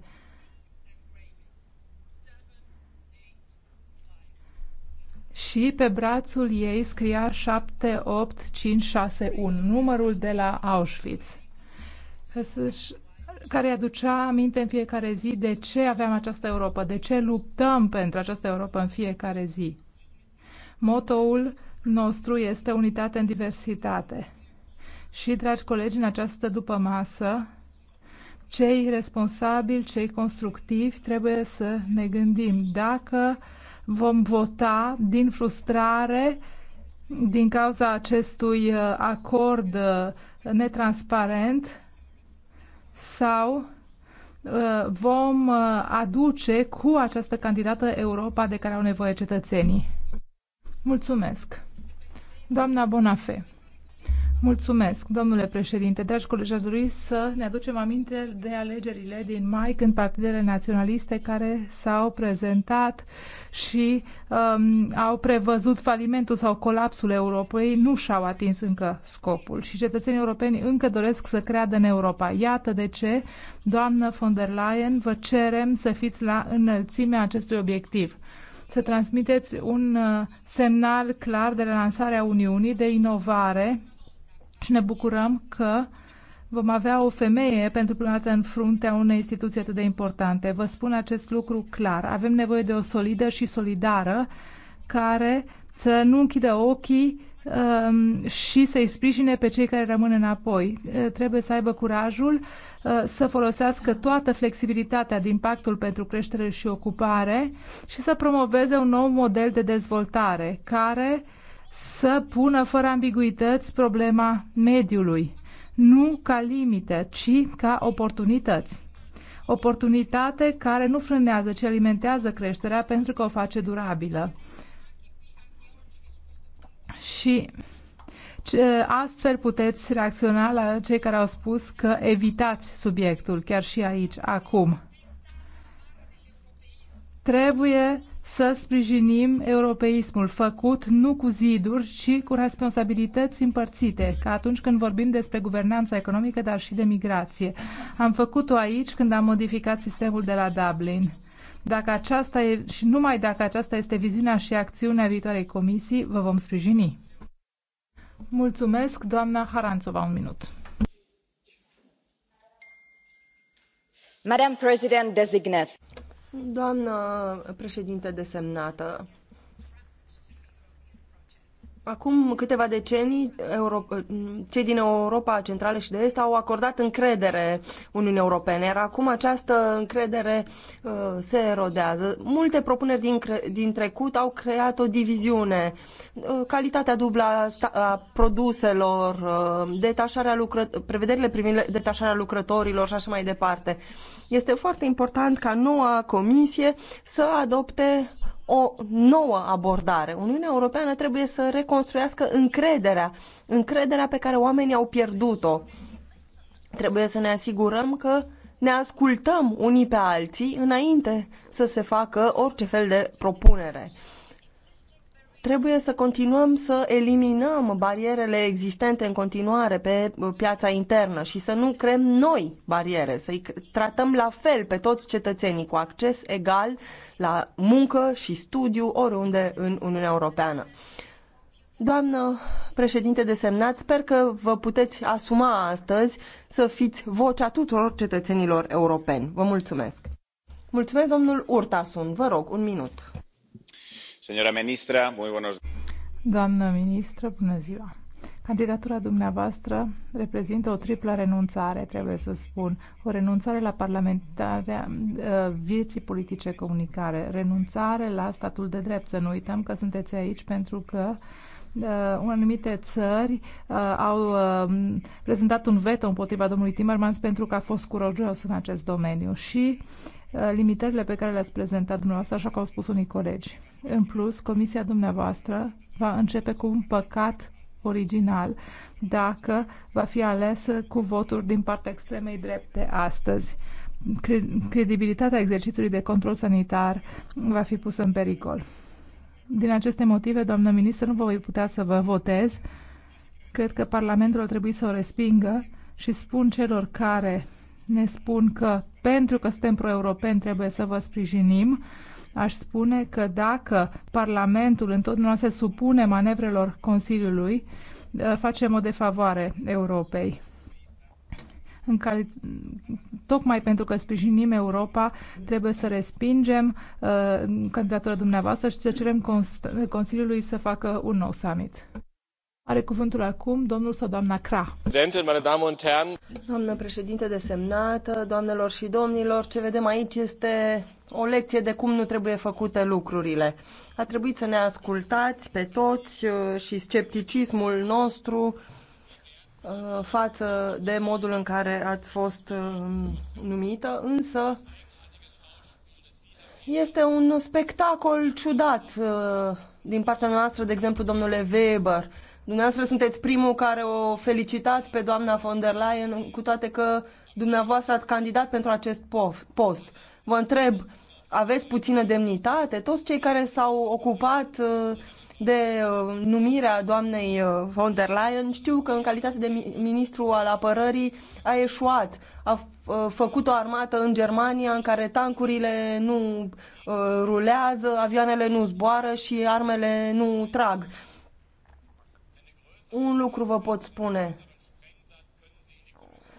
și pe brațul ei scria 78561, numărul de la Auschwitz, care aducea aminte în fiecare zi de ce aveam această Europa, de ce luptăm pentru această Europa în fiecare zi. Motoul nostru este unitate în diversitate. Și, dragi colegi, în această după masă, cei responsabili, cei constructivi, trebuie să ne gândim dacă uh, vom vota din frustrare din cauza acestui uh, acord uh, netransparent sau uh, vom aduce cu această candidată Europa de care au nevoie cetățenii. Mulțumesc. Doamna Bonafe. Mulțumesc, domnule președinte. Dragi colegi, aș dori să ne aducem aminte de alegerile din mai, când partidele naționaliste care s-au prezentat și um, au prevăzut falimentul sau colapsul Europei nu și-au atins încă scopul și cetățenii europeni încă doresc să creadă în Europa. Iată de ce, doamnă von der Leyen, vă cerem să fiți la înălțimea acestui obiectiv să transmiteți un uh, semnal clar de relansare a Uniunii, de inovare și ne bucurăm că vom avea o femeie pentru prima dată în fruntea unei instituții atât de importante. Vă spun acest lucru clar. Avem nevoie de o solidă și solidară care să nu închidă ochii um, și să-i sprijine pe cei care rămân înapoi. Uh, trebuie să aibă curajul uh, să folosească toată flexibilitatea din pactul pentru creștere și ocupare și să promoveze un nou model de dezvoltare care să pună fără ambiguități problema mediului, nu ca limite, ci ca oportunități. Oportunitate care nu frânează, ci alimentează creșterea pentru că o face durabilă. Și astfel puteți reacționa la cei care au spus că evitați subiectul, chiar și aici, acum. Trebuie să sprijinim europeismul făcut nu cu ziduri, ci cu responsabilități împărțite, ca atunci când vorbim despre guvernanța economică, dar și de migrație. Am făcut-o aici când am modificat sistemul de la Dublin. Dacă aceasta e, și numai dacă aceasta este viziunea și acțiunea viitoarei comisii, vă vom sprijini. Mulțumesc, doamna Haranțova, un minut. Madam President designate. Doamnă președinte desemnată, Acum câteva decenii, Euro- cei din Europa Centrală și de Est au acordat încredere Uniunii Europene, iar acum această încredere uh, se erodează. Multe propuneri din, din trecut au creat o diviziune. Uh, calitatea dublă a, a produselor, uh, detașarea lucră- prevederile privind detașarea lucrătorilor și așa mai departe. Este foarte important ca noua comisie să adopte o nouă abordare. Uniunea Europeană trebuie să reconstruiască încrederea, încrederea pe care oamenii au pierdut-o. Trebuie să ne asigurăm că ne ascultăm unii pe alții înainte să se facă orice fel de propunere. Trebuie să continuăm să eliminăm barierele existente în continuare pe uh, piața internă și să nu creăm noi bariere, să-i tratăm la fel pe toți cetățenii cu acces egal la muncă și studiu oriunde în Uniunea Europeană. Doamnă președinte de semnat, sper că vă puteți asuma astăzi să fiți vocea tuturor cetățenilor europeni. Vă mulțumesc! Mulțumesc, domnul Urtasun. Vă rog, un minut. Doamnă ministră, bună ziua! Candidatura dumneavoastră reprezintă o triplă renunțare, trebuie să spun. O renunțare la parlamentarea uh, vieții politice comunicare, renunțare la statul de drept. Să nu uităm că sunteți aici pentru că uh, anumite țări uh, au uh, prezentat un veto împotriva domnului Timmermans pentru că a fost curajos în acest domeniu și uh, Uh, limitările pe care le-ați prezentat dumneavoastră, așa cum au spus unii colegi. În plus, comisia dumneavoastră va începe cu un păcat original dacă va fi alesă cu voturi din partea extremei drepte astăzi. Credibilitatea exercițiului de control sanitar va fi pusă în pericol. Din aceste motive, doamnă ministru, nu vă voi putea să vă votez. Cred că Parlamentul ar trebui să o respingă și spun celor care ne spun că pentru că suntem pro-europeni trebuie să vă sprijinim, aș spune că dacă Parlamentul întotdeauna se supune manevrelor Consiliului, ă, facem o defavoare Europei în care, tocmai pentru că sprijinim Europa, trebuie să respingem uh, candidatura dumneavoastră și să cerem Consiliului să facă un nou summit. Are cuvântul acum domnul sau doamna Cra. Doamnă președinte desemnată, doamnelor și domnilor, ce vedem aici este o lecție de cum nu trebuie făcute lucrurile. A trebuit să ne ascultați pe toți uh, și scepticismul nostru uh, față de modul în care ați fost uh, numită, însă este un spectacol ciudat din partea noastră, de exemplu, domnule Weber, Dumneavoastră sunteți primul care o felicitați pe doamna von der Leyen, cu toate că dumneavoastră ați candidat pentru acest post. Vă întreb, aveți puțină demnitate? Toți cei care s-au ocupat uh, de uh, numirea doamnei uh, von der Leyen știu că în calitate de ministru al apărării a eșuat. A făcut o armată în Germania în care tancurile nu rulează, avioanele nu zboară și armele nu trag un lucru vă pot spune.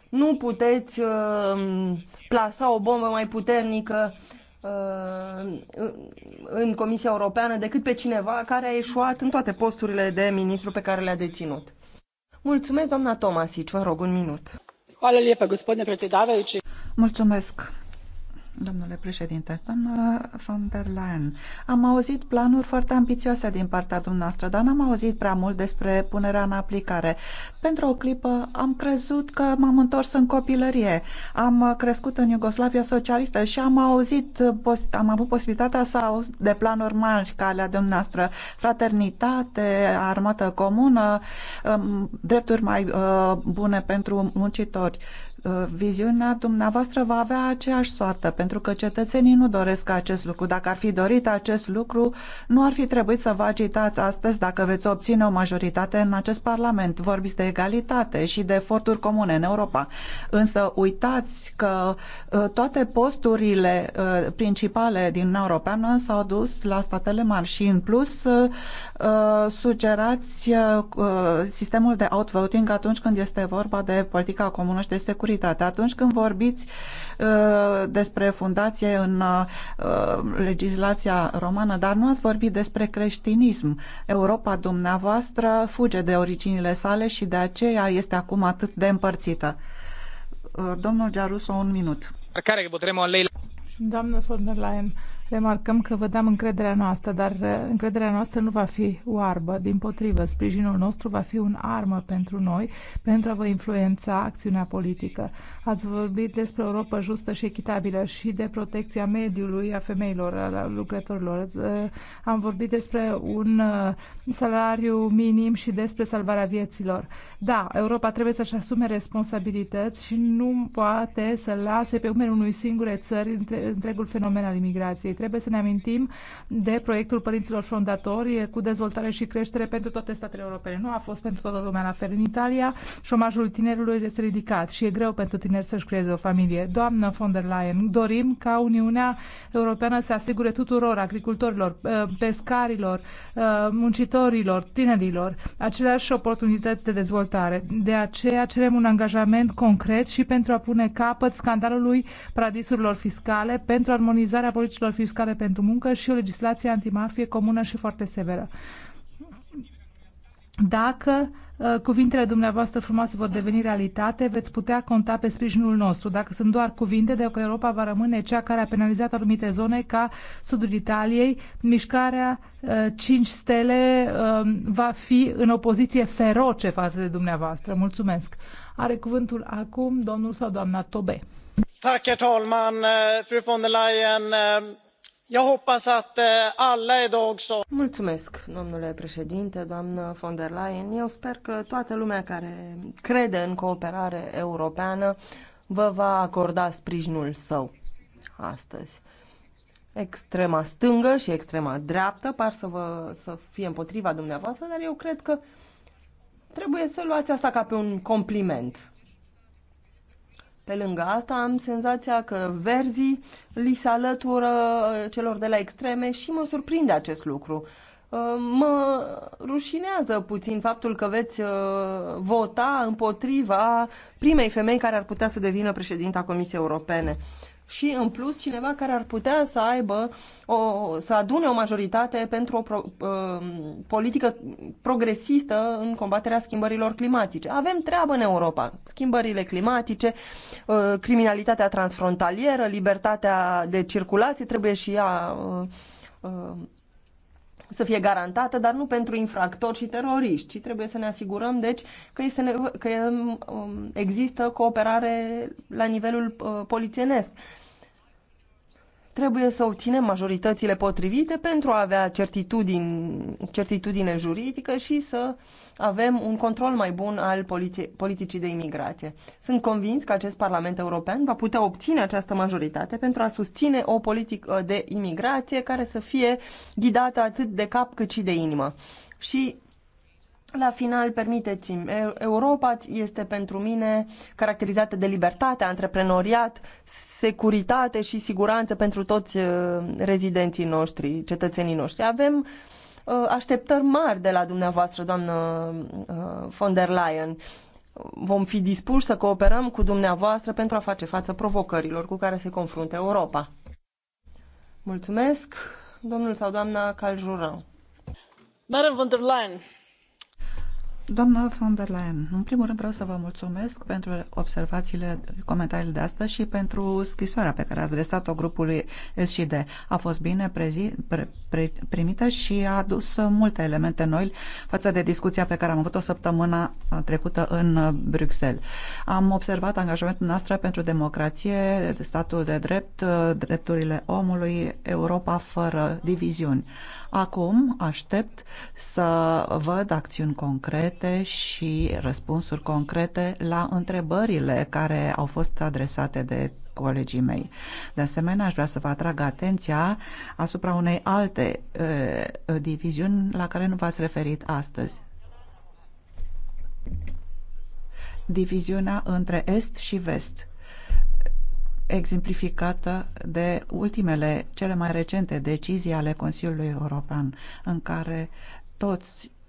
Nu puteți uh, plasa o bombă mai puternică uh, în Comisia Europeană decât pe cineva care a eșuat în toate posturile de ministru pe care le-a deținut. Mulțumesc, doamna Tomasici, Vă rog un minut. Mulțumesc. Domnule președinte, doamna von der Leyen, am auzit planuri foarte ambițioase din partea dumneavoastră, dar n-am auzit prea mult despre punerea în aplicare. Pentru o clipă am crezut că m-am întors în copilărie. Am crescut în Iugoslavia socialistă și am auzit, am avut posibilitatea să auz de planuri mari ca ale dumneavoastră, fraternitate, armată comună, um, drepturi mai uh, bune pentru muncitori. Uh, viziunea dumneavoastră va avea aceeași soartă, pentru că cetățenii nu doresc acest lucru. Dacă ar fi dorit acest lucru, nu ar fi trebuit să vă agitați astăzi dacă veți obține o majoritate în acest Parlament. Vorbiți de egalitate și de eforturi comune în Europa. Însă uitați că uh, toate posturile uh, principale din Uniunea Europeană s-au dus la statele mari și în plus sugerați sistemul de outvoting atunci când este vorba de politica comună și de securitate securitate. Atunci când vorbiți uh, despre fundație în uh, legislația romană, dar nu ați vorbit despre creștinism. Europa dumneavoastră fuge de originile sale și de aceea este acum atât de împărțită. Uh, domnul Giaruso, un minut. Care putem lei. Doamnă von der Leyen, Remarcăm că vă dăm încrederea noastră, dar uh, încrederea noastră nu va fi oarbă. Din potrivă, sprijinul nostru va fi un armă pentru noi, pentru a vă influența acțiunea politică. Ați vorbit despre Europa justă și echitabilă și de protecția mediului, a femeilor, a lucrătorilor. Uh, am vorbit despre un uh, salariu minim și despre salvarea vieților. Da, Europa trebuie să-și asume responsabilități și nu poate să lase pe umeri unui singure țări întregul fenomen al imigrației Trebuie să ne amintim de proiectul părinților fondatori cu dezvoltare și creștere pentru toate statele europene. Nu a fost pentru toată lumea la fel. În Italia, șomajul tinerilor este ridicat și e greu pentru tineri să-și creeze o familie. Doamnă von der Leyen, dorim ca Uniunea Europeană să asigure tuturor agricultorilor, ă, pescarilor, ă, muncitorilor, tinerilor aceleași oportunități de dezvoltare. De aceea cerem un angajament concret și pentru a pune capăt scandalului paradisurilor fiscale, pentru armonizarea politicilor fiscale confiscare pentru muncă și o legislație antimafie comună și foarte severă. Dacă uh, cuvintele dumneavoastră frumoase vor deveni realitate, veți putea conta pe sprijinul nostru. Dacă sunt doar cuvinte, de că Europa va rămâne cea care a penalizat anumite zone ca sudul Italiei, mișcarea 5 uh, stele um, va fi în opoziție feroce față de dumneavoastră. Mulțumesc. Are cuvântul acum domnul sau doamna Tobe. Tack, herr talman, eh, fru von der Leyen. Eh, Eh, domnule președinte, doamnă von der Leyen. Eu sper că toată lumea care crede în cooperare europeană vă va acorda sprijinul său astăzi. Extrema stângă și extrema dreaptă par să, vă, să fie împotriva dumneavoastră, dar eu cred că trebuie să luați asta ca pe un compliment. Pe lângă asta am senzația că verzii li se alătură uh, celor de la extreme și mă surprinde acest lucru. Uh, mă rușinează puțin faptul că veți uh, vota împotriva primei femei care ar putea să devină președinta Comisiei Europene și, în plus, cineva care ar putea să aibă, o, să adune o majoritate pentru o pro, uh, politică progresistă în combaterea schimbărilor climatice. Avem treabă în Europa. Schimbările climatice, uh, criminalitatea transfrontalieră, libertatea de circulație trebuie și ea uh, uh, să fie garantată, dar nu pentru infractori și teroriști, ci trebuie să ne asigurăm, deci, că, este nevo- că um, există cooperare la nivelul uh, polițienesc. Trebuie să obținem majoritățile potrivite pentru a avea certitudine, certitudine juridică și să avem un control mai bun al politicii de imigrație. Sunt convins că acest Parlament European va putea obține această majoritate pentru a susține o politică de imigrație care să fie ghidată atât de cap cât și de inimă. Și la final, permiteți-mi, Europa este pentru mine caracterizată de libertate, antreprenoriat, securitate și siguranță pentru toți uh, rezidenții noștri, cetățenii noștri. Avem uh, așteptări mari de la dumneavoastră, doamnă uh, von der Leyen. Vom fi dispuși să cooperăm cu dumneavoastră pentru a face față provocărilor cu care se confruntă Europa. Mulțumesc, domnul sau doamna Caljurau. Madam von der Leyen, Doamna von der Leyen, în primul rând vreau să vă mulțumesc pentru observațiile, comentariile de astăzi și pentru scrisoarea pe care ați adresat-o grupului SCD. A fost bine prezi, pre, pre, primită și a adus multe elemente noi față de discuția pe care am avut-o săptămâna trecută în Bruxelles. Am observat angajamentul noastră pentru democrație, statul de drept, drepturile omului, Europa fără diviziuni. Acum aștept să văd acțiuni concrete concrete și răspunsuri concrete la întrebările care au fost adresate de colegii mei. De asemenea, aș vrea să vă atrag atenția asupra unei alte uh, diviziuni la care nu v-ați referit astăzi. Diviziunea între Est și Vest exemplificată de ultimele, cele mai recente decizii ale Consiliului European, în care toți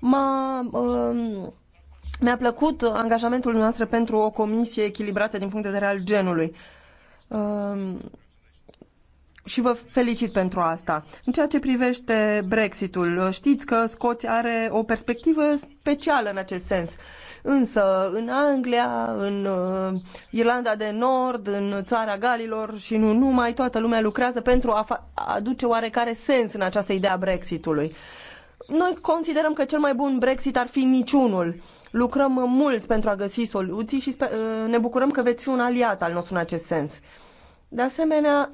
M-a, uh, mi-a plăcut angajamentul noastră pentru o comisie echilibrată din punct de vedere al genului. Uh, și vă felicit pentru asta. În ceea ce privește Brexitul, știți că Scoția are o perspectivă specială în acest sens. Însă în Anglia, în uh, Irlanda de Nord, în țara Galilor și nu numai, toată lumea lucrează pentru a aduce oarecare sens în această idee a Brexitului. Uh, noi considerăm că cel mai bun Brexit ar fi niciunul. Lucrăm mult pentru a găsi soluții și uh, ne bucurăm că veți fi un aliat al nostru în acest sens. De asemenea,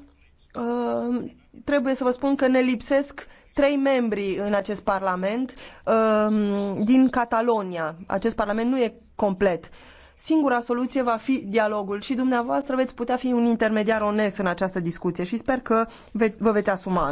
uh, trebuie să vă spun că ne lipsesc trei membri în acest parlament uh, din Catalonia. Acest parlament nu e complet. Singura soluție va fi dialogul și dumneavoastră veți putea fi un intermediar onest în această discuție și sper că vă veți asuma